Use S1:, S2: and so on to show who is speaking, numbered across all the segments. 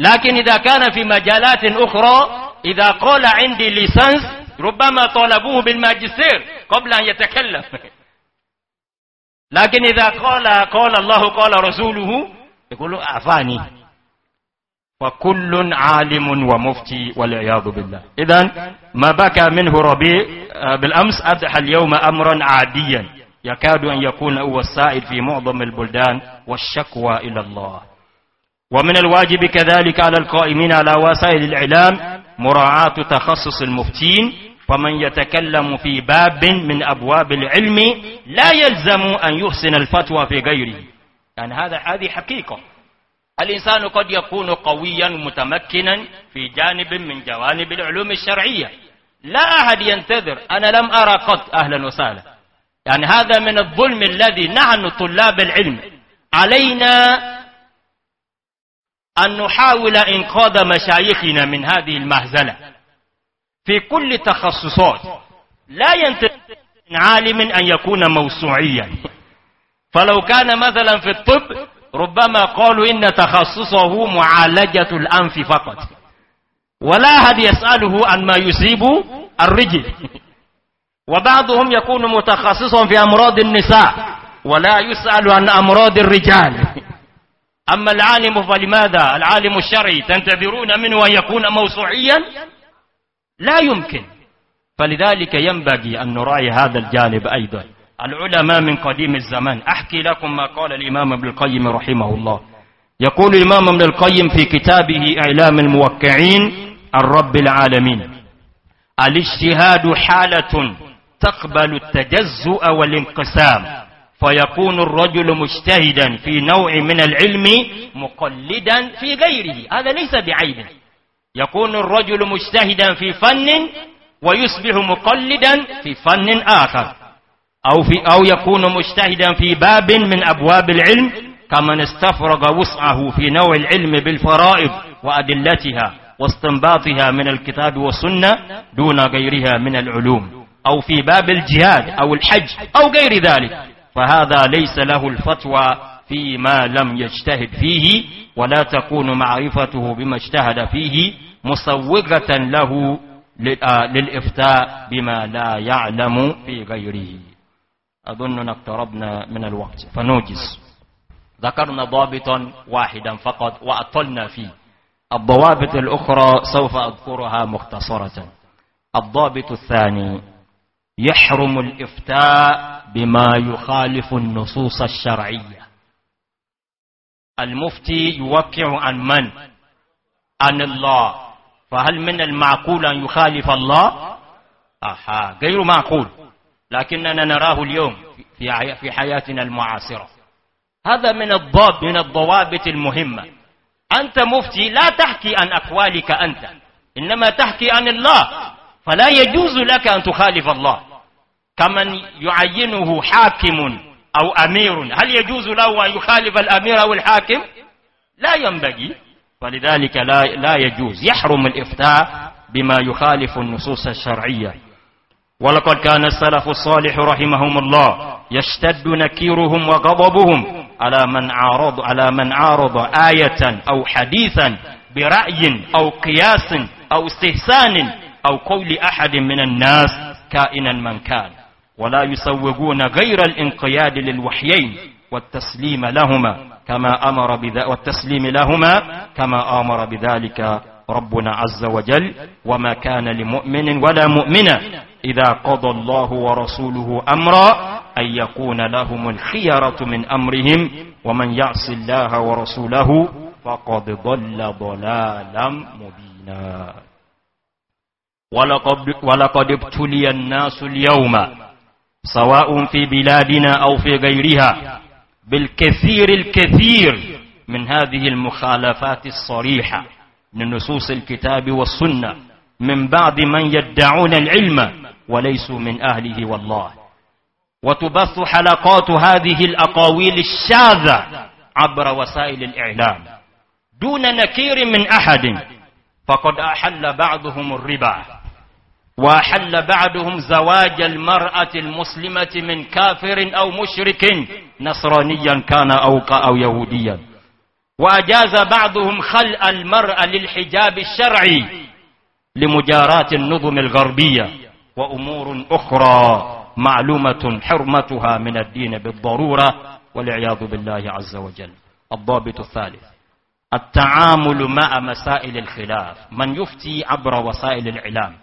S1: لكن إذا كان في مجالات أخرى إذا قال عندي ليسانس ربما طالبوه بالماجستير قبل أن يتكلم لكن إذا قال قال الله قال رسوله يقول أعفاني وكل عالم ومفتي والعياذ بالله إذا ما بكى منه ربيع آه، بالأمس أدح اليوم أمرا عاديا يكاد أن يكون هو السائد في معظم البلدان والشكوى إلى الله ومن الواجب كذلك على القائمين على وسائل الإعلام مراعاة تخصص المفتين فمن يتكلم في باب من أبواب العلم لا يلزم أن يحسن الفتوى في غيره يعني هذا هذه حقيقة الإنسان قد يكون قويا متمكنا في جانب من جوانب العلوم الشرعية لا أحد ينتظر أنا لم أرى قط أهلا وسهلا يعني هذا من الظلم الذي نحن طلاب العلم علينا أن نحاول إنقاذ مشايخنا من هذه المهزلة في كل تخصصات لا ينتظر من عالم أن يكون موسوعيا فلو كان مثلا في الطب ربما قالوا إن تخصصه معالجة الأنف فقط ولا أحد يسأله عن ما يصيب الرجل وبعضهم يكون متخصصا في أمراض النساء ولا يسأل عن أمراض الرجال أما العالم فلماذا العالم الشرعي تنتظرون منه أن يكون موسوعيا لا يمكن فلذلك ينبغي أن نراعي هذا الجانب أيضا العلماء من قديم الزمان أحكي لكم ما قال الإمام ابن القيم رحمه الله يقول الإمام ابن القيم في كتابه إعلام الموقعين الرب العالمين الاجتهاد حالة تقبل التجزؤ والانقسام فيكون الرجل مجتهدا في نوع من العلم مقلدا في غيره هذا ليس بعيب يكون الرجل مجتهدا في فن ويصبح مقلدا في فن آخر أو, في أو يكون مجتهدا في باب من أبواب العلم كمن استفرغ وسعه في نوع العلم بالفرائض وأدلتها واستنباطها من الكتاب والسنة دون غيرها من العلوم أو في باب الجهاد أو الحج أو غير ذلك فهذا ليس له الفتوى فيما لم يجتهد فيه ولا تكون معرفته بما اجتهد فيه مسوغة له آه، للإفتاء بما لا يعلم في غيره أظننا اقتربنا من الوقت فنوجز ذكرنا ضابطا واحدا فقط وأطلنا فيه الضوابط الأخرى سوف أذكرها مختصرة الضابط الثاني يحرم الإفتاء بما يخالف النصوص الشرعية المفتي يوقع عن من؟ عن الله فهل من المعقول أن يخالف الله؟ أها غير معقول لكننا نراه اليوم في حياتنا المعاصرة هذا من الضاب من الضوابط المهمة أنت مفتي لا تحكي عن أقوالك أنت إنما تحكي عن الله فلا يجوز لك أن تخالف الله كمن يعينه حاكم أو أمير هل يجوز له أن يخالف الأمير أو الحاكم لا ينبغي ولذلك لا, لا يجوز يحرم الإفتاء بما يخالف النصوص الشرعية ولقد كان السلف الصالح رحمهم الله يشتد نكيرهم وغضبهم على من عارض على من عارض آية أو حديثا برأي أو قياس أو استحسان أو قول أحد من الناس كائنا من كان ولا يسوغون غير الانقياد للوحيين والتسليم لهما كما أمر بذ... والتسليم لهما كما أمر بذلك ربنا عز وجل وما كان لمؤمن ولا مؤمنة إذا قضى الله ورسوله أمرا أن يكون لهم الخيرة من أمرهم ومن يعص الله ورسوله فقد ضل ضلالا مبينا ولقد ابتلي الناس اليوم سواء في بلادنا أو في غيرها بالكثير الكثير من هذه المخالفات الصريحة من نصوص الكتاب والسنة من بعض من يدعون العلم وليسوا من أهله والله وتبث حلقات هذه الأقاويل الشاذة عبر وسائل الإعلام دون نكير من أحد فقد أحل بعضهم الربا وأحل بعدهم زواج المرأة المسلمة من كافر أو مشرك نصرانيا كان أو أو يهوديا وأجاز بعضهم خلء المرأة للحجاب الشرعي لمجاراة النظم الغربية وأمور أخرى معلومة حرمتها من الدين بالضرورة والعياذ بالله عز وجل الضابط الثالث التعامل مع مسائل الخلاف من يفتي عبر وسائل الإعلام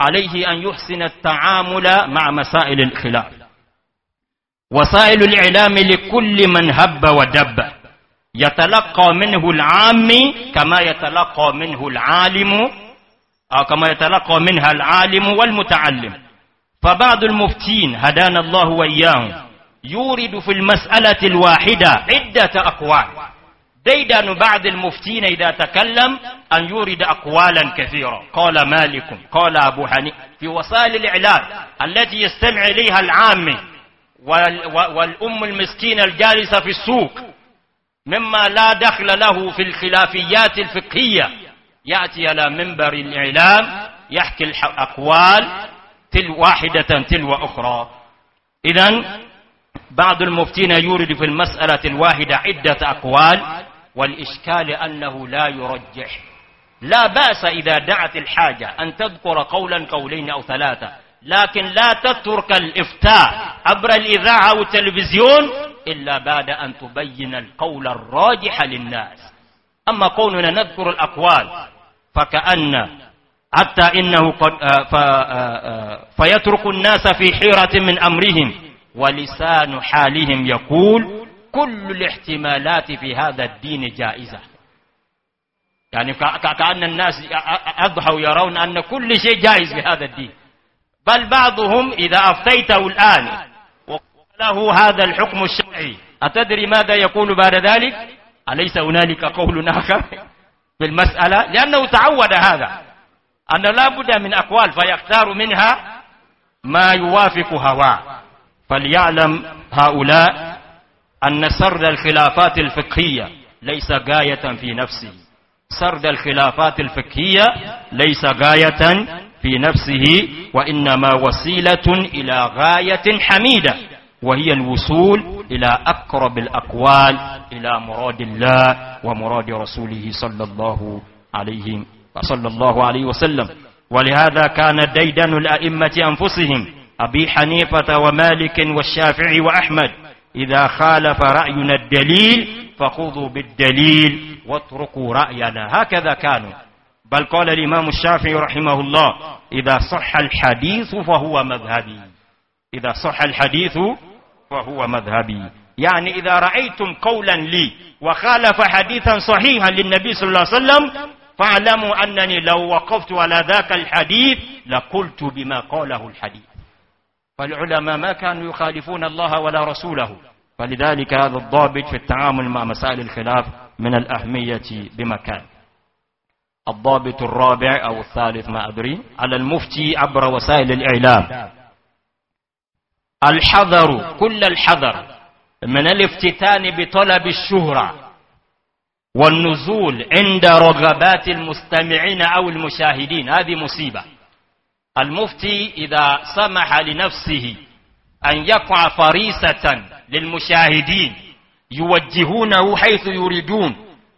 S1: عليه أن يحسن التعامل مع مسائل الخلاف وسائل الإعلام لكل من هب ودب يتلقى منه العامي كما يتلقى منه العالم أو كما يتلقى منها العالم والمتعلم فبعض المفتين هدانا الله وإياهم يورد في المسألة الواحدة عدة أقوال أن بعض المفتين إذا تكلم أن يورد أقوالا كثيرة قال مالك قال أبو حنيفة في وسائل الإعلام التي يستمع إليها العامة والأم المسكينة الجالسة في السوق مما لا دخل له في الخلافيات الفقهية يأتي إلى منبر الإعلام يحكي الأقوال تلو واحدة تلو أخرى إذا بعض المفتين يورد في المسألة الواحدة عدة أقوال والإشكال أنه لا يرجح لا بأس إذا دعت الحاجة أن تذكر قولا قولين أو ثلاثة لكن لا تترك الإفتاء عبر الإذاعة أو التلفزيون إلا بعد أن تبين القول الراجح للناس أما قولنا نذكر الأقوال فكأن حتى إنه قد آه، آه، آه، فيترك الناس في حيرة من أمرهم ولسان حالهم يقول كل الاحتمالات في هذا الدين جائزة يعني كأن الناس أضحوا يرون أن كل شيء جائز في هذا الدين بل بعضهم إذا أفتيته الآن له هذا الحكم الشرعي أتدري ماذا يقول بعد ذلك أليس هنالك قول آخر في المسألة لأنه تعود هذا أن لا بد من أقوال فيختار منها ما يوافق هواه فليعلم هؤلاء أن سرد الخلافات الفقهية ليس غاية في نفسه سرد الخلافات الفقهية ليس غاية في نفسه وإنما وسيلة إلى غاية حميدة وهي الوصول إلى أقرب الأقوال إلى مراد الله ومراد رسوله صلى الله عليه صلى الله عليه وسلم ولهذا كان ديدن الأئمة أنفسهم أبي حنيفة ومالك والشافعي وأحمد إذا خالف رأينا الدليل فخذوا بالدليل واتركوا رأينا هكذا كانوا بل قال الإمام الشافعي رحمه الله إذا صح الحديث فهو مذهبي إذا صح الحديث فهو مذهبي يعني إذا رأيتم قولا لي وخالف حديثا صحيحا للنبي صلى الله عليه وسلم فاعلموا أنني لو وقفت على ذاك الحديث لقلت بما قاله الحديث فالعلماء ما كانوا يخالفون الله ولا رسوله فلذلك هذا الضابط في التعامل مع مسائل الخلاف من الأهمية بمكان الضابط الرابع أو الثالث ما أدري على المفتي عبر وسائل الإعلام الحذر كل الحذر من الافتتان بطلب الشهرة والنزول عند رغبات المستمعين أو المشاهدين هذه مصيبة المفتي إذا سمح لنفسه أن يقع فريسة للمشاهدين يوجهونه حيث يريدون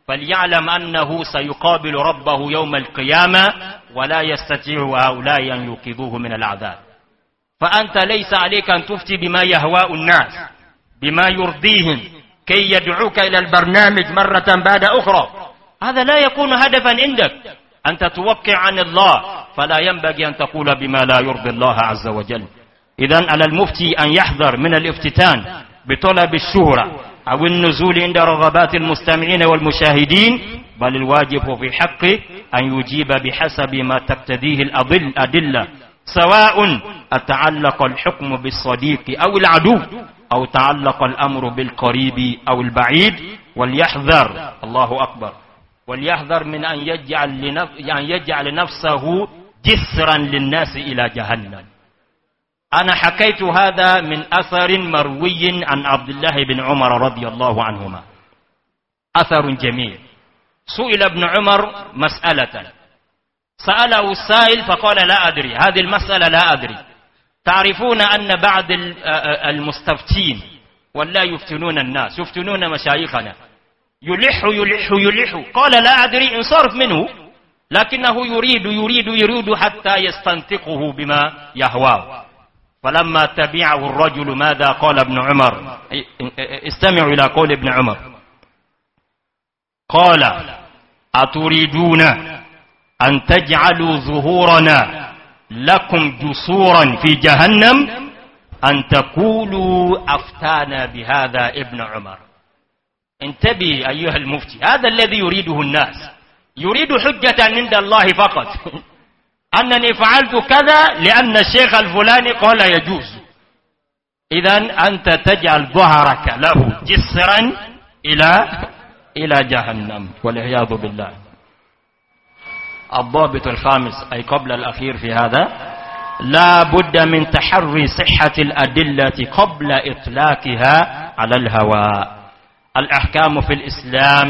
S1: فليعلم أنه سيقابل ربه يوم القيامة ولا يستطيع هؤلاء أن يوقظوه من العذاب فأنت ليس عليك أن تفتي بما يهواء الناس بما يرضيهم كي يدعوك إلى البرنامج مرة بعد أخرى هذا لا يكون هدفا عندك أن تتوقع عن الله فلا ينبغي أن تقول بما لا يرضي الله عز وجل إذا على المفتي أن يحذر من الافتتان بطلب الشهرة أو النزول عند رغبات المستمعين والمشاهدين بل الواجب في حقه أن يجيب بحسب ما تقتديه الأدلة سواء أتعلق الحكم بالصديق أو العدو أو تعلق الأمر بالقريب أو البعيد وليحذر الله أكبر وليحذر من أن يجعل, لنف... أن يجعل نفسه جسرا للناس إلى جهنم أنا حكيت هذا من أثر مروي عن عبد الله بن عمر رضي الله عنهما أثر جميل سئل ابن عمر مسألة سأله السائل فقال لا أدري هذه المسألة لا أدري تعرفون أن بعض المستفتين ولا يفتنون الناس يفتنون مشايخنا يلح يلح يلح قال لا أدري انصرف منه لكنه يريد يريد يريد حتى يستنطقه بما يهواه فلما تبعه الرجل ماذا قال ابن عمر استمعوا إلى قول ابن عمر قال أتريدون أن تجعلوا ظهورنا لكم جسورا في جهنم أن تقولوا أفتانا بهذا ابن عمر انتبه أيها المفتي هذا الذي يريده الناس يريد حجة عند الله فقط أنني فعلت كذا لأن الشيخ الفلاني قال يجوز إذا أنت تجعل ظهرك له جسرا إلى إلى جهنم والعياذ بالله الضابط الخامس أي قبل الأخير في هذا لا بد من تحري صحة الأدلة قبل إطلاقها على الهواء الأحكام في الإسلام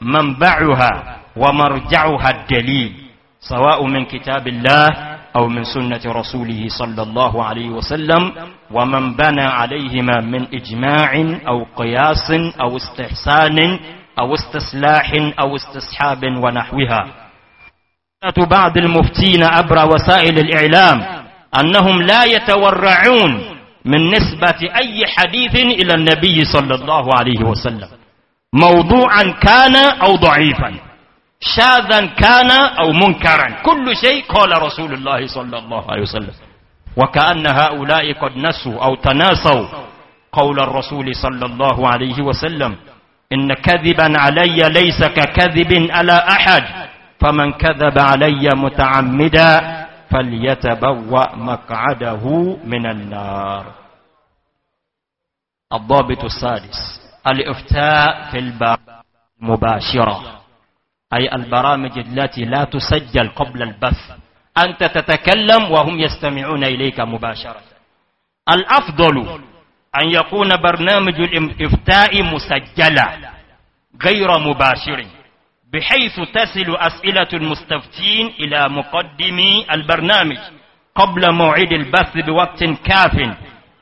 S1: منبعها ومرجعها الدليل سواء من كتاب الله أو من سنة رسوله صلى الله عليه وسلم ومن بنى عليهما من إجماع أو قياس أو استحسان أو استصلاح أو استصحاب ونحوها بعض المفتين عبر وسائل الإعلام أنهم لا يتورعون من نسبة أي حديث إلى النبي صلى الله عليه وسلم موضوعا كان أو ضعيفا شاذا كان أو منكرا كل شيء قال رسول الله صلى الله عليه وسلم وكأن هؤلاء قد نسوا أو تناسوا قول الرسول صلى الله عليه وسلم إن كذبا علي ليس ككذب على أحد فمن كذب علي متعمدا فليتبوأ مقعده من النار الضابط السادس الإفتاء في البرامج المباشرة أي البرامج التي لا تسجل قبل البث أنت تتكلم وهم يستمعون إليك مباشرة الأفضل أن يكون برنامج الإفتاء مسجلا غير مباشر بحيث تصل أسئلة المستفتين إلى مقدمي البرنامج قبل موعد البث بوقت كاف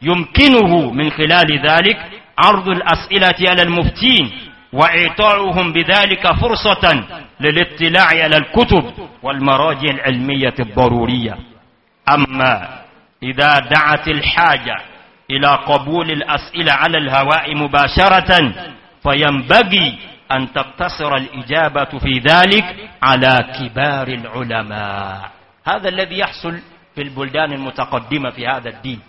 S1: يمكنه من خلال ذلك عرض الأسئلة على المفتين وإعطاؤهم بذلك فرصة للاطلاع على الكتب والمراجع العلمية الضرورية أما إذا دعت الحاجة إلى قبول الأسئلة على الهواء مباشرة فينبغي أن تقتصر الإجابة في ذلك على كبار العلماء هذا الذي يحصل في البلدان المتقدمة في هذا الدين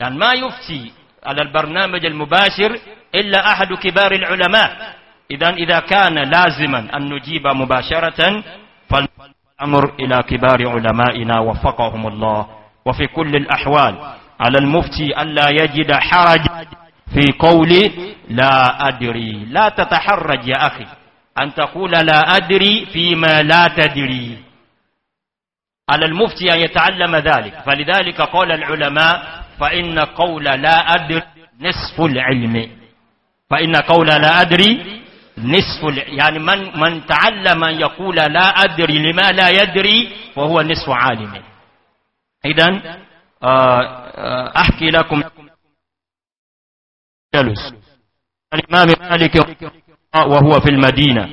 S1: لأن يعني ما يفتي على البرنامج المباشر إلا أحد كبار العلماء إذا إذا كان لازما أن نجيب مباشرة فالأمر إلى كبار علمائنا وفقهم الله وفي كل الأحوال على المفتي ألا يجد حرج في قول لا أدري لا تتحرج يا أخي أن تقول لا أدري فيما لا تدري على المفتي أن يتعلم ذلك فلذلك قال العلماء فإن قول لا أدري نصف العلم فإن قول لا أدري نصف يعني من من تعلم أن يقول لا أدري لما لا يدري فهو نصف عالم إذا آه، آه، أحكي لكم جلس الإمام مالك وهو في المدينة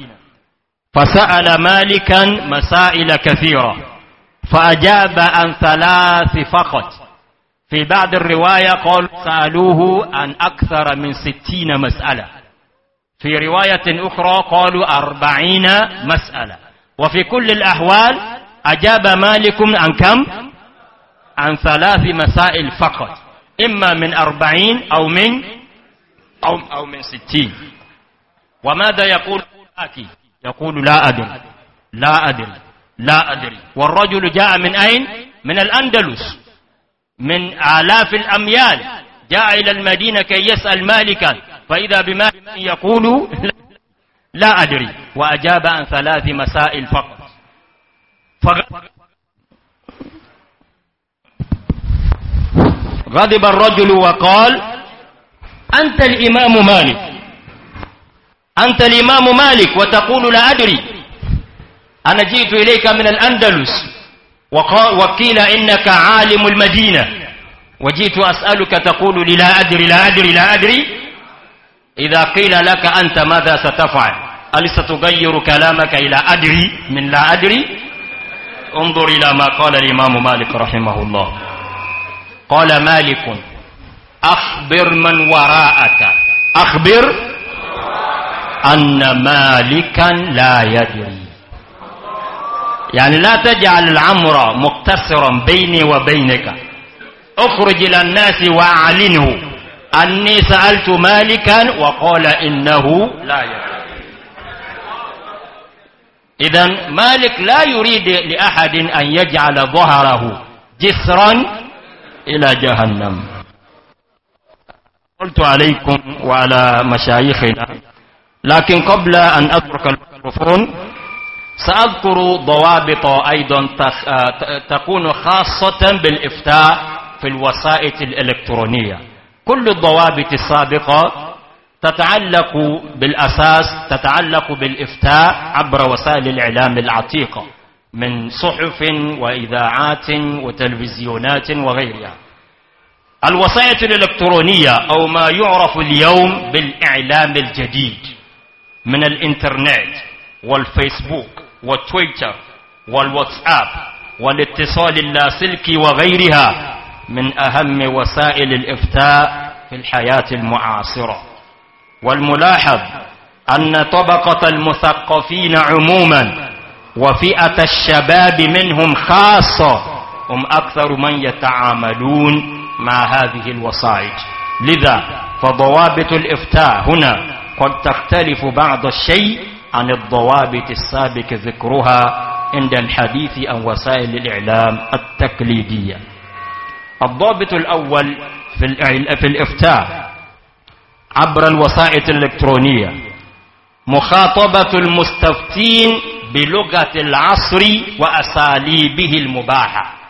S1: فسأل مالكا مسائل كثيرة فأجاب عن ثلاث فقط في بعض الرواية قال سألوه عن أكثر من ستين مسألة في رواية أخرى قالوا أربعين مسألة وفي كل الأحوال أجاب مالك عن كم؟ عن ثلاث مسائل فقط إما من أربعين أو من أو, أو من ستين وماذا يقول أكي يقول لا أدري لا أدري لا أدري والرجل جاء من أين من الأندلس من آلاف الأميال جاء إلى المدينة كي يسأل مالكا فإذا بما يقول لا أدري وأجاب عن ثلاث مسائل فقط غضب الرجل وقال أنت الإمام مالك أنت الإمام مالك وتقول لا أدري أنا جئت إليك من الأندلس وقيل إنك عالم المدينة وجئت أسألك تقول لي لا أدري لا أدري لا أدري إذا قيل لك أنت ماذا ستفعل هل ستغير كلامك إلى أدري من لا أدري انظر إلى ما قال الإمام مالك رحمه الله قال مالك أخبر من وراءك أخبر أن مالكا لا يدري يعني لا تجعل الأمر مقتصرا بيني وبينك اخرج إلى الناس وأعلنه أني سألت مالكا وقال إنه لا يدري إذا مالك لا يريد لأحد أن يجعل ظهره جسرا إلى جهنم قلت عليكم وعلى مشايخنا لكن قبل أن أترك الميكروفون سأذكر ضوابط أيضا آه، تكون خاصة بالإفتاء في الوسائط الإلكترونية كل الضوابط السابقة تتعلق بالأساس تتعلق بالإفتاء عبر وسائل الإعلام العتيقة من صحف وإذاعات وتلفزيونات وغيرها الوصاية الإلكترونية أو ما يعرف اليوم بالإعلام الجديد من الإنترنت والفيسبوك والتويتر والواتساب والاتصال اللاسلكي وغيرها من أهم وسائل الإفتاء في الحياة المعاصرة والملاحظ أن طبقة المثقفين عموما وفئة الشباب منهم خاصة هم أكثر من يتعاملون مع هذه الوصائج لذا فضوابط الإفتاء هنا قد تختلف بعض الشيء عن الضوابط السابق ذكرها عند الحديث عن وسائل الإعلام التقليدية الضابط الأول في, في الإفتاء عبر الوسائط الإلكترونية مخاطبة المستفتين بلغة العصر وأساليبه المباحة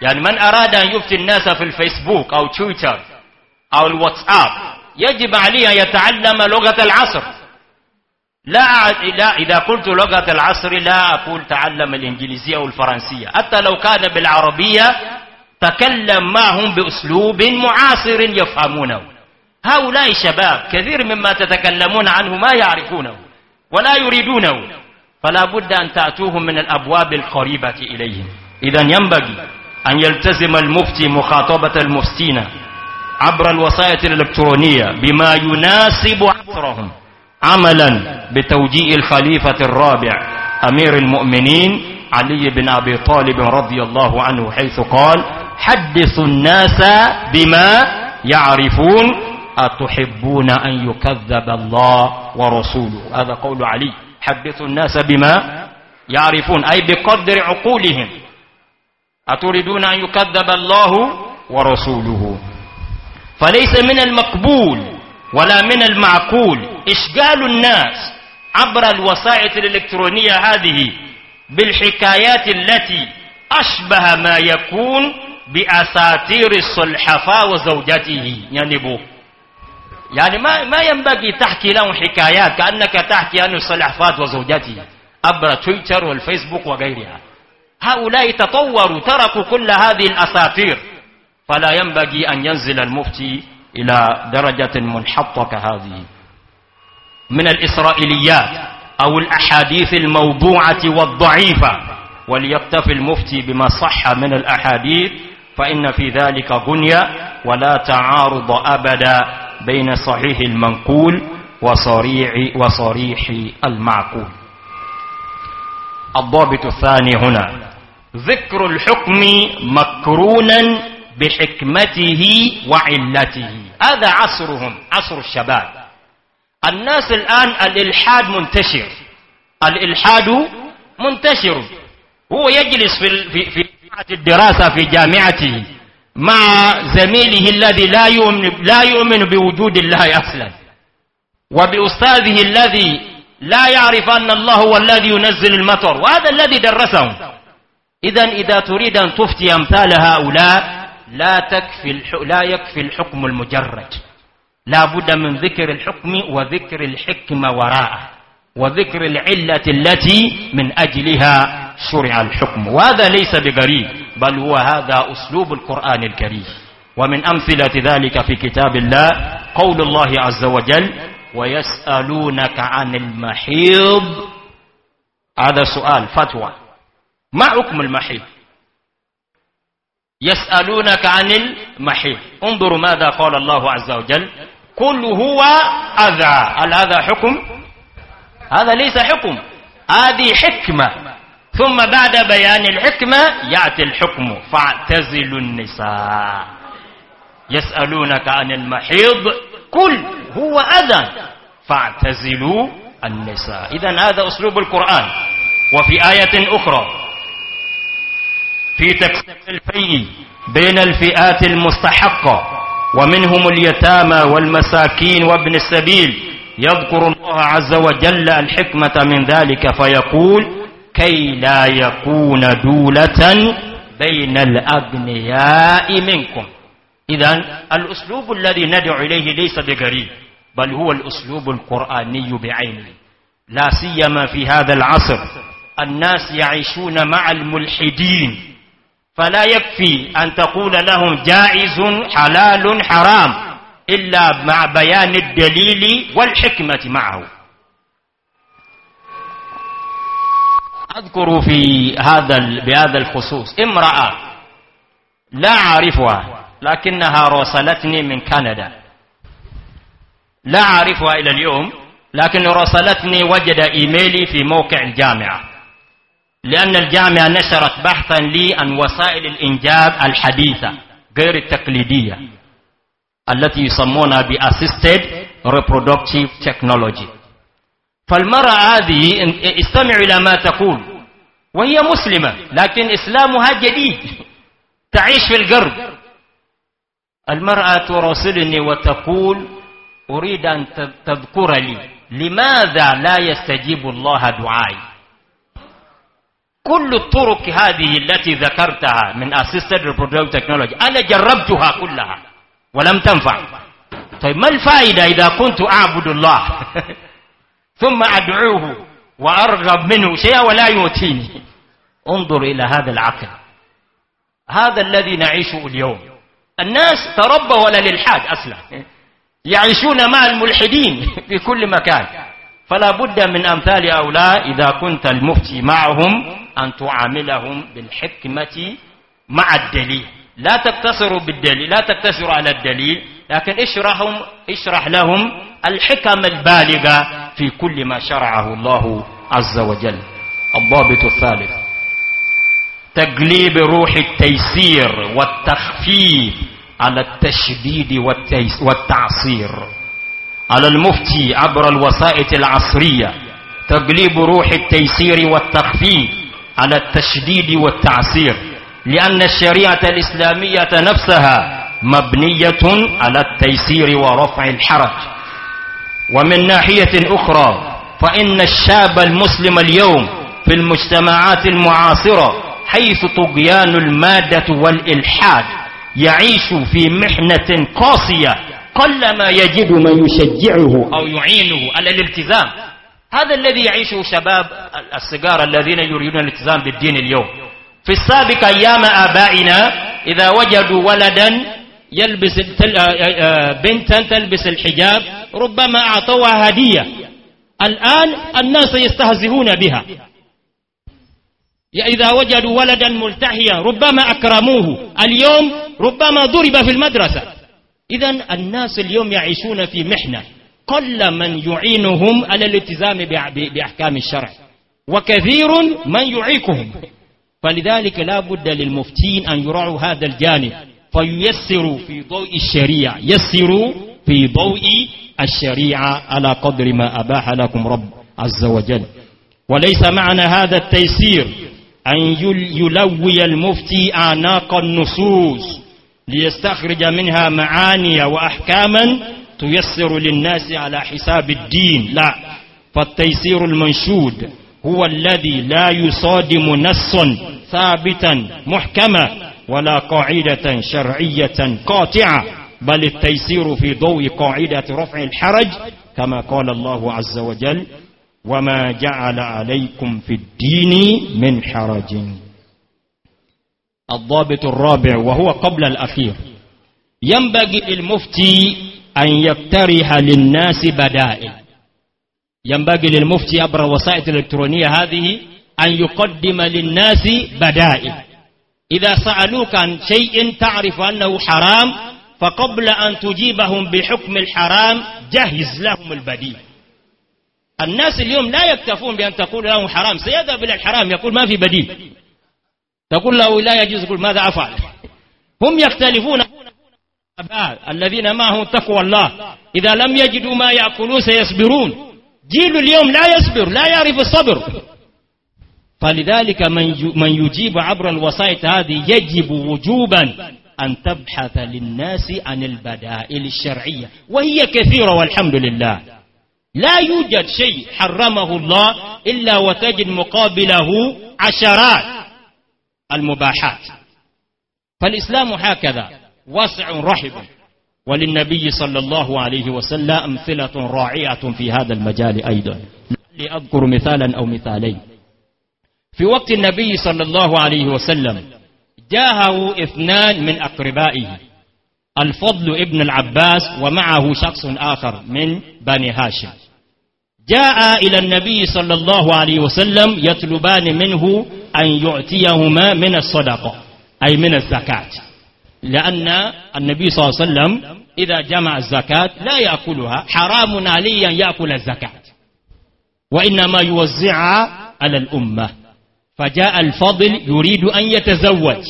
S1: يعني من أراد أن يفتي الناس في الفيسبوك أو تويتر أو الواتساب يجب عليه أن يتعلم لغة العصر لا لا إذا قلت لغة العصر لا أقول تعلم الإنجليزية أو الفرنسية حتى لو كان بالعربية تكلم معهم بأسلوب معاصر يفهمونه هؤلاء الشباب كثير مما تتكلمون عنه ما يعرفونه ولا يريدونه فلا بد أن تأتوهم من الأبواب القريبة إليهم إذا ينبغي أن يلتزم المفتي مخاطبة المفتين عبر الوسائط الإلكترونية بما يناسب عصرهم عملا بتوجيه الخليفة الرابع أمير المؤمنين علي بن أبي طالب رضي الله عنه حيث قال حدثوا الناس بما يعرفون أتحبون أن يكذب الله ورسوله هذا قول علي حدثوا الناس بما يعرفون أي بقدر عقولهم أتريدون أن يكذب الله ورسوله فليس من المقبول ولا من المعقول إشغال الناس عبر الوسائط الإلكترونية هذه بالحكايات التي أشبه ما يكون بأساطير الصلحفاء وزوجته ينبو يعني, يعني ما ما ينبغي تحكي لهم حكايات كأنك تحكي عن الصلحفاء وزوجته عبر تويتر والفيسبوك وغيرها هؤلاء تطوروا تركوا كل هذه الأساطير فلا ينبغي أن ينزل المفتي إلى درجة منحطة كهذه من الإسرائيليات أو الأحاديث الموضوعة والضعيفة وليكتفي المفتي بما صح من الأحاديث فإن في ذلك غنية ولا تعارض أبدا بين صحيح المنقول وصريح, وصريح المعقول الضابط الثاني هنا ذكر الحكم مكرونا بحكمته وعلته هذا عصرهم عصر الشباب الناس الآن الإلحاد منتشر الإلحاد منتشر هو يجلس في في الدراسة في جامعته مع زميله الذي لا يؤمن لا يؤمن بوجود الله أصلا وبأستاذه الذي لا يعرف أن الله هو الذي ينزل المطر وهذا الذي درسهم إذا إذا تريد أن تفتي أمثال هؤلاء لا تكفي لا يكفي الحكم المجرد لا بد من ذكر الحكم وذكر الحكمة وراءه وذكر العلة التي من أجلها شرع الحكم وهذا ليس بغريب بل هو هذا أسلوب القرآن الكريم ومن أمثلة ذلك في كتاب الله قول الله عز وجل ويسألونك عن المحيض هذا سؤال فتوى ما حكم المحيض يسألونك عن المحيض انظروا ماذا قال الله عز وجل كل هو أذى هل هذا حكم هذا ليس حكم هذه حكمة ثم بعد بيان الحكمة يأتي الحكم فاعتزلوا النساء يسألونك عن المحيض كل هو أذى فاعتزلوا النساء إذا هذا أسلوب القرآن وفي آية أخرى في تقسيم الفيء بين الفئات المستحقة ومنهم اليتامى والمساكين وابن السبيل يذكر الله عز وجل الحكمة من ذلك فيقول كي لا يكون دولة بين الأغنياء منكم إذا الأسلوب الذي ندعو إليه ليس بقريب بل هو الأسلوب القرآني بعينه لا سيما في هذا العصر الناس يعيشون مع الملحدين فلا يكفي أن تقول لهم جائز حلال حرام إلا مع بيان الدليل والحكمة معه أذكر في هذا بهذا الخصوص امرأة لا أعرفها لكنها راسلتني من كندا لا أعرفها إلى اليوم لكن راسلتني وجد إيميلي في موقع الجامعة لأن الجامعة نشرت بحثا لي عن وسائل الإنجاب الحديثة غير التقليدية التي يسمونها بأسيستد ريبرودكتيف تكنولوجي فالمرأة هذه استمع إلى ما تقول وهي مسلمة لكن إسلامها جديد تعيش في الغرب المرأة تراسلني وتقول أريد أن تذكر لي لماذا لا يستجيب الله دعائي كل الطرق هذه التي ذكرتها من assisted reproductive technology أنا جربتها كلها ولم تنفع طيب ما الفائدة إذا كنت أعبد الله ثم أدعوه وأرغب منه شيئا ولا يؤتيني انظر إلى هذا العقل هذا الذي نعيشه اليوم الناس تربوا على الإلحاد أصلا يعيشون مع الملحدين في كل مكان فلا بد من أمثال هؤلاء إذا كنت المفتي معهم أن تعاملهم بالحكمة مع الدليل لا تقتصر بالدليل لا تقتصر على الدليل لكن اشرحهم اشرح لهم الحكم البالغة في كل ما شرعه الله عز وجل الضابط الثالث تقليب روح التيسير والتخفيف على التشديد والتعصير على المفتي عبر الوسائط العصرية تقليب روح التيسير والتخفيف على التشديد والتعصير لأن الشريعة الإسلامية نفسها مبنية على التيسير ورفع الحرج ومن ناحية أخرى فإن الشاب المسلم اليوم في المجتمعات المعاصرة حيث طغيان المادة والإلحاد يعيش في محنة قاسية قلما يجد من يشجعه أو يعينه على الالتزام هذا الذي يعيشه شباب الصغار الذين يريدون الالتزام بالدين اليوم في السابق أيام آبائنا إذا وجدوا ولدا يلبس بنتا تلبس الحجاب ربما أعطوها هدية الآن الناس يستهزئون بها إذا وجدوا ولدا ملتحيا ربما أكرموه اليوم ربما ضرب في المدرسة إذا الناس اليوم يعيشون في محنة قل من يعينهم على الالتزام بأحكام الشرع وكثير من يعيقهم فلذلك لا بد للمفتين أن يراعوا هذا الجانب فييسروا في ضوء الشريعة يسروا في ضوء الشريعة على قدر ما أباح لكم رب عز وجل وليس معنى هذا التيسير أن يلوي المفتي أعناق النصوص ليستخرج منها معاني وأحكاما تيسر للناس على حساب الدين لا فالتيسير المنشود هو الذي لا يصادم نصا ثابتا محكما ولا قاعدة شرعية قاطعة بل التيسير في ضوء قاعدة رفع الحرج كما قال الله عز وجل وما جعل عليكم في الدين من حرج الضابط الرابع وهو قبل الأخير ينبغي للمفتي أن يقترح للناس بدائل ينبغي للمفتي عبر الوسائط الإلكترونية هذه أن يقدم للناس بدائل إذا سألوك عن شيء تعرف أنه حرام فقبل أن تجيبهم بحكم الحرام جهز لهم البديل الناس اليوم لا يكتفون بأن تقول له حرام سيذهب إلى الحرام يقول ما في بديل تقول له لا يجوز يقول ماذا أفعل هم يختلفون الذين معهم تقوى الله إذا لم يجدوا ما يأكلون سيصبرون جيل اليوم لا يصبر لا يعرف الصبر فلذلك من يجيب عبر الوسائط هذه يجب وجوبا أن تبحث للناس عن البدائل الشرعية وهي كثيرة والحمد لله لا يوجد شيء حرمه الله إلا وتجد مقابله عشرات المباحات فالإسلام هكذا واسع رحب وللنبي صلى الله عليه وسلم أمثلة راعية في هذا المجال أيضا لأذكر مثالا أو مثالين في وقت النبي صلى الله عليه وسلم جاءه اثنان من أقربائه الفضل ابن العباس ومعه شخص آخر من بني هاشم جاء إلى النبي صلى الله عليه وسلم يطلبان منه أن يعطيهما من الصدقة أي من الزكاة لأن النبي صلى الله عليه وسلم إذا جمع الزكاة لا يأكلها حرام عليه أن يأكل الزكاة وإنما يوزعها على الأمة فجاء الفضل يريد أن يتزوج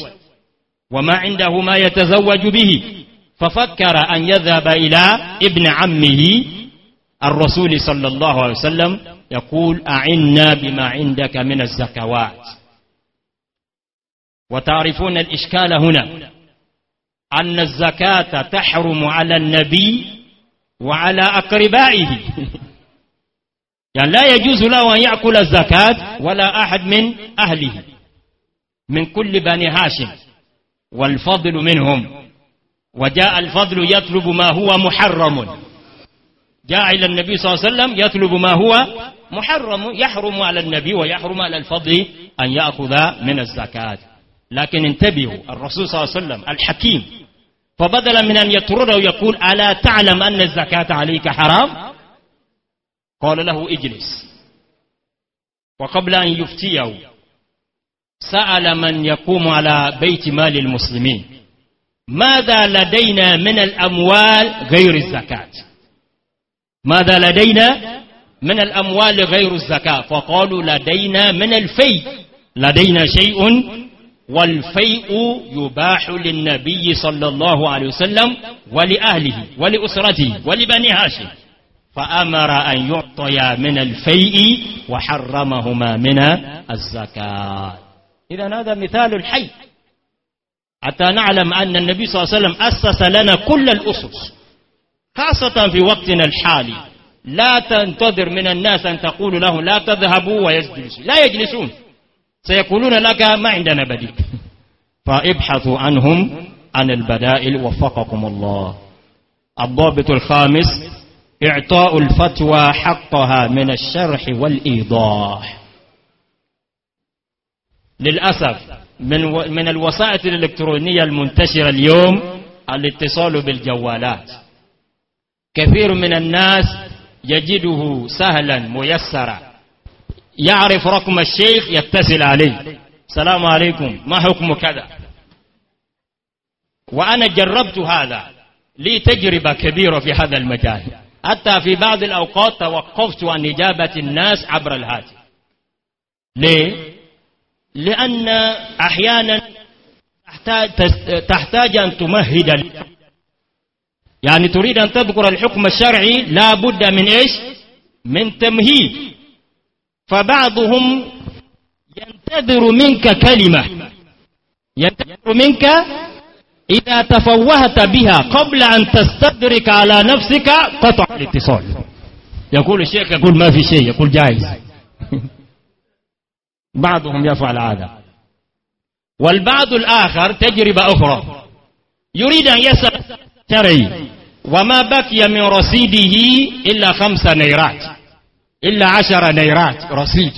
S1: وما عنده ما يتزوج به ففكر أن يذهب إلى ابن عمه الرسول صلى الله عليه وسلم يقول أعنا بما عندك من الزكوات وتعرفون الإشكال هنا أن الزكاة تحرم على النبي وعلى أقربائه يعني لا يجوز له أن يأكل الزكاة ولا أحد من أهله من كل بني هاشم والفضل منهم وجاء الفضل يطلب ما هو محرم جاء إلى النبي صلى الله عليه وسلم يطلب ما هو محرم يحرم على النبي ويحرم على الفضل أن يأخذ من الزكاة لكن انتبهوا الرسول صلى الله عليه وسلم الحكيم فبدلا من أن يطرده يقول ألا تعلم أن الزكاة عليك حرام قال له اجلس وقبل أن يفتيه سأل من يقوم على بيت مال المسلمين ماذا لدينا من الأموال غير الزكاة ماذا لدينا من الأموال غير الزكاة فقالوا لدينا من الفيء لدينا شيء والفيء يباح للنبي صلى الله عليه وسلم ولأهله ولأسرته ولبني هاشم فأمر أن يعطيا من الفيء وحرمهما من الزكاة إذا هذا مثال الحي حتى نعلم أن النبي صلى الله عليه وسلم أسس لنا كل الأسس خاصة في وقتنا الحالي لا تنتظر من الناس أن تقول لهم لا تذهبوا ويجلسوا لا يجلسون سيقولون لك ما عندنا بديل فابحثوا عنهم عن البدائل وفقكم الله الضابط الخامس إعطاء الفتوى حقها من الشرح والإيضاح للأسف من, و... من الوسائط الإلكترونية المنتشرة اليوم الاتصال بالجوالات كثير من الناس يجده سهلا ميسرا يعرف رقم الشيخ يتصل عليه السلام عليكم ما حكم كذا وأنا جربت هذا لي تجربة كبيرة في هذا المجال حتى في بعض الأوقات توقفت عن إجابة الناس عبر الهاتف ليه؟ لأن أحيانا تحتاج, تحتاج أن تمهد يعني تريد أن تذكر الحكم الشرعي لا بد من إيش من تمهيد فبعضهم ينتظر منك كلمة ينتظر منك إذا تفوهت بها قبل أن تستدرك على نفسك قطع الاتصال يقول الشيخ يقول ما في شيء يقول جائز بعضهم يفعل هذا والبعض الآخر تجربة أخرى يريد أن يسأل تري وما بقي من رصيده إلا خمس نيرات إلا عشر نيرات رصيد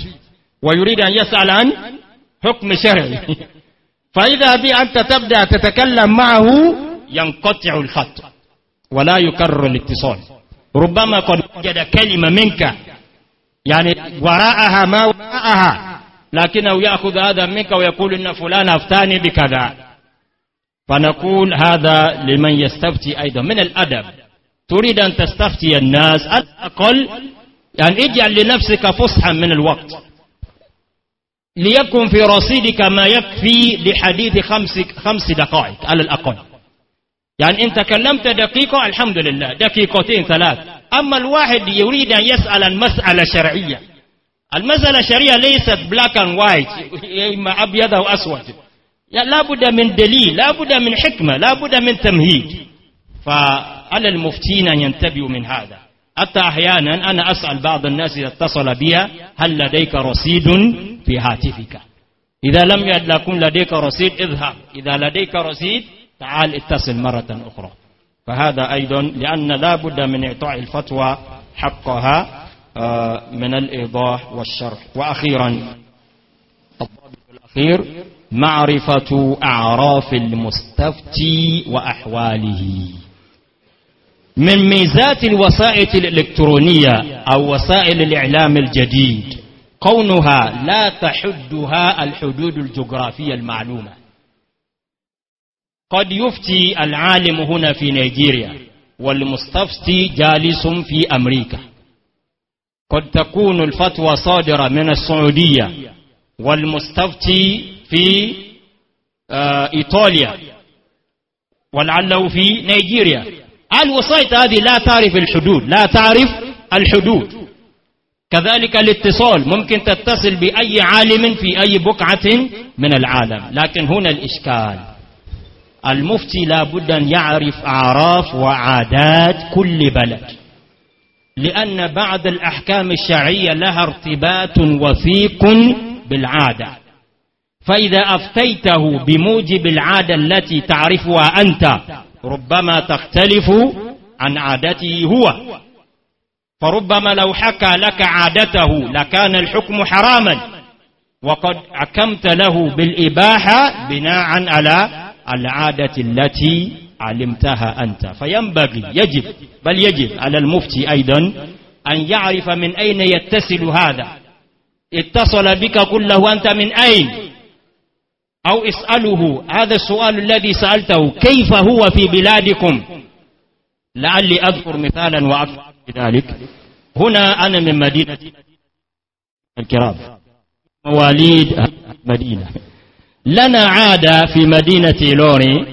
S1: ويريد أن يسأل عن حكم شرعي فإذا بأنت تبدأ تتكلم معه ينقطع الخط ولا يكرر الاتصال ربما قد وجد كلمة منك يعني وراءها ما وراءها لكنه يأخذ هذا منك ويقول إن فلان أفتاني بكذا فنقول هذا لمن يستفتي أيضا من الأدب تريد أن تستفتي الناس الأقل يعني اجعل لنفسك فسحا من الوقت ليكن في رصيدك ما يكفي لحديث خمس, خمس دقائق على الأقل يعني إن تكلمت دقيقة الحمد لله دقيقتين ثلاث أما الواحد يريد أن يسأل المسألة شرعية المسألة الشرعية ليست بلاك اند وايت إما أبيض أو أسود لا بد من دليل لا بد من حكمة لا بد من تمهيد فعلى المفتين أن ينتبهوا من هذا حتى أحيانا أنا أسأل بعض الناس إذا اتصل بي هل لديك رصيد في هاتفك إذا لم يكن لديك رصيد اذهب إذا لديك رصيد تعال اتصل مرة أخرى فهذا أيضا لأن لا بد من إعطاء الفتوى حقها آه، من الإيضاح والشرح وأخيرا الضابط الأخير معرفة أعراف المستفتي وأحواله من ميزات الوسائط الإلكترونية أو وسائل الإعلام الجديد كونها لا تحدها الحدود الجغرافية المعلومة قد يفتي العالم هنا في نيجيريا والمستفتي جالس في أمريكا قد تكون الفتوى صادرة من السعودية والمستفتي في آه، إيطاليا ولعله في نيجيريا الوسائط هذه لا تعرف الحدود لا تعرف الحدود كذلك الاتصال ممكن تتصل بأي عالم في أي بقعة من العالم لكن هنا الإشكال المفتي لابد أن يعرف أعراف وعادات كل بلد لأن بعض الأحكام الشرعية لها ارتباط وثيق بالعادة فإذا أفتيته بموجب العادة التي تعرفها أنت ربما تختلف عن عادته هو فربما لو حكى لك عادته لكان الحكم حراما وقد حكمت له بالإباحة بناء على العادة التي علمتها أنت فينبغي يجب بل يجب على المفتي أيضا أن يعرف من أين يتصل هذا اتصل بك كله أنت من أين أو اسأله هذا السؤال الذي سألته كيف هو في بلادكم لعلي أذكر مثالا وأكثر بذلك هنا أنا من مدينة الكرام مواليد مدينة لنا عادة في مدينة لوري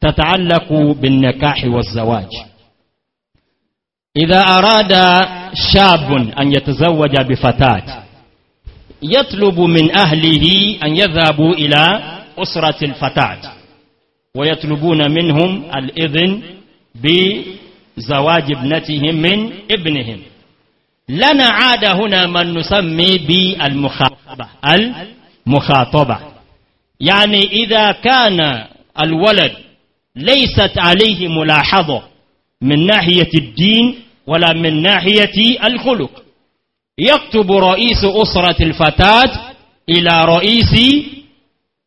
S1: تتعلق بالنكاح والزواج إذا أراد شاب أن يتزوج بفتاة يطلب من أهله أن يذهبوا إلى أسرة الفتاة ويطلبون منهم الإذن بزواج ابنتهم من ابنهم لنا عاد هنا من نسمي بالمخاطبة المخاطبة يعني إذا كان الولد ليست عليه ملاحظة من ناحية الدين ولا من ناحية الخلق يكتب رئيس أسرة الفتاة إلى رئيس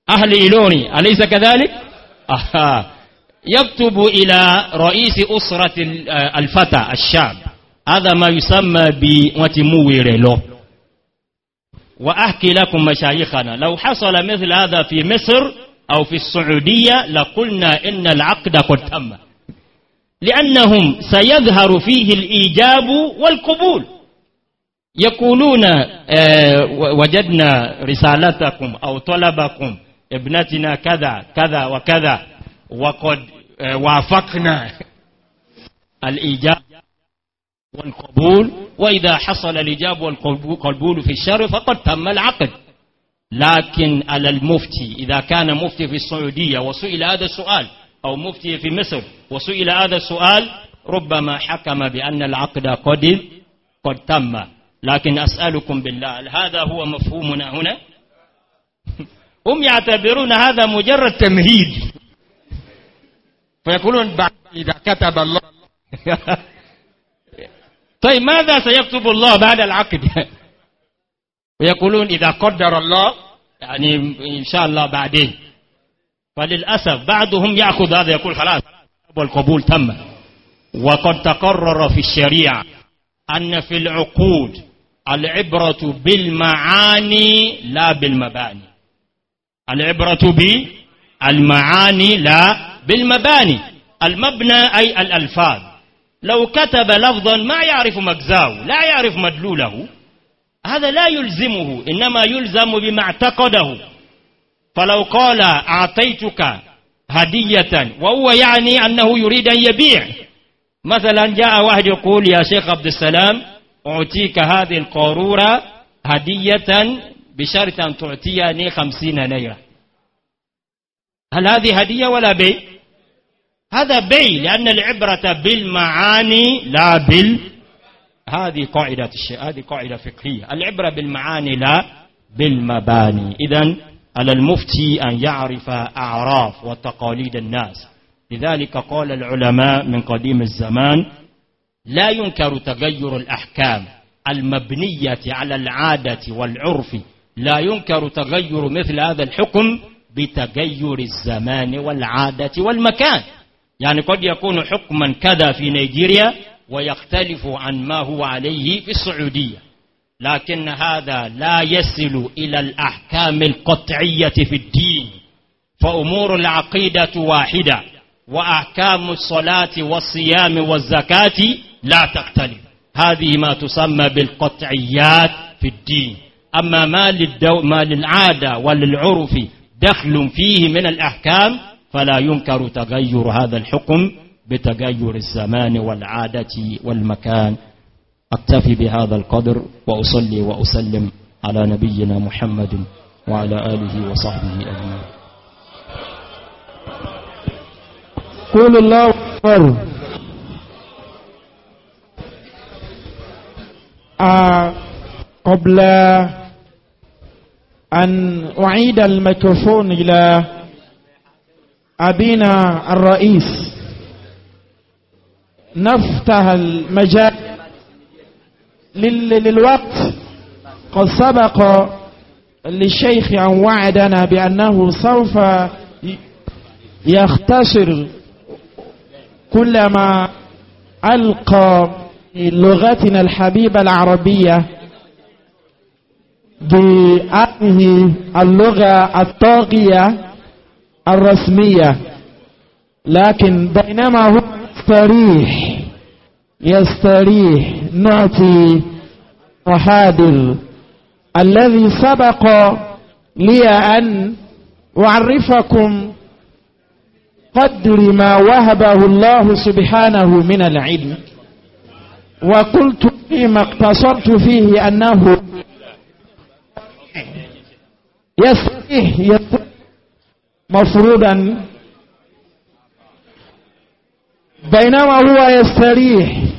S1: أهل إيلوني أليس كذلك؟ أها يكتب إلى رئيس أسرة آه، الفتى الشاب هذا ما يسمى بوتموير ريلو وأحكي لكم مشايخنا لو حصل مثل هذا في مصر أو في السعودية لقلنا إن العقد قد تم لأنهم سيظهر فيه الإيجاب والقبول يقولون آه، وجدنا رسالتكم أو طلبكم ابنتنا كذا كذا وكذا وقد آه، وافقنا الإيجاب والقبول وإذا حصل الايجاب والقبول في الشر فقد تم العقد لكن على المفتي إذا كان مفتي في السعودية وسئل هذا السؤال أو مفتي في مصر وسئل هذا السؤال ربما حكم بأن العقد قد قد تم لكن أسألكم بالله هل هذا هو مفهومنا هنا هم يعتبرون هذا مجرد تمهيد فيقولون بعد إذا كتب الله طيب ماذا سيكتب الله بعد العقد ويقولون إذا قدر الله يعني إن شاء الله بعدين فللأسف بعضهم يأخذ هذا يقول خلاص والقبول تم وقد تقرر في الشريعة أن في العقود العبرة بالمعاني لا بالمباني العبرة بالمعاني لا بالمباني المبنى أي الألفاظ لو كتب لفظا ما يعرف مجزاه لا يعرف مدلوله هذا لا يلزمه إنما يلزم بما اعتقده فلو قال أعطيتك هدية وهو يعني أنه يريد أن يبيع مثلا جاء واحد يقول يا شيخ عبد السلام أعطيك هذه القارورة هدية بشرط أن تعطيني خمسين ليرة هل هذه هدية ولا بيع هذا بيع لأن العبرة بالمعاني لا بال هذه قاعدة الشيء هذه قاعدة فقهية العبرة بالمعاني لا بالمباني إذا على المفتي أن يعرف أعراف وتقاليد الناس لذلك قال العلماء من قديم الزمان لا ينكر تغير الأحكام المبنية على العادة والعرف لا ينكر تغير مثل هذا الحكم بتغير الزمان والعادة والمكان يعني قد يكون حكما كذا في نيجيريا ويختلف عن ما هو عليه في السعودية لكن هذا لا يصل إلى الأحكام القطعية في الدين فأمور العقيدة واحدة وأحكام الصلاة والصيام والزكاة لا تختلف هذه ما تسمى بالقطعيات في الدين أما ما, للدو ما للعادة وللعرف دخل فيه من الأحكام فلا ينكر تغير هذا الحكم بتغير الزمان والعادة والمكان أكتفي بهذا القدر وأصلي وأسلم على نبينا محمد وعلى آله وصحبه أجمعين
S2: قول الله أكبر آه، قبل أن أعيد الميكروفون إلى أبينا الرئيس نفتح المجال للوقت قد سبق للشيخ أن وعدنا بأنه سوف يختصر كلما ألقى لغتنا الحبيبة العربية بهذه اللغة الطاغية الرسمية لكن بينما هو يستريح يستريح نعطي محادل الذي سبق لي أن أعرفكم قدر ما وهبه الله سبحانه من العلم وقلت فيما اقتصرت فيه أنه يصحيح يصح مفروضا بينما هو يستريح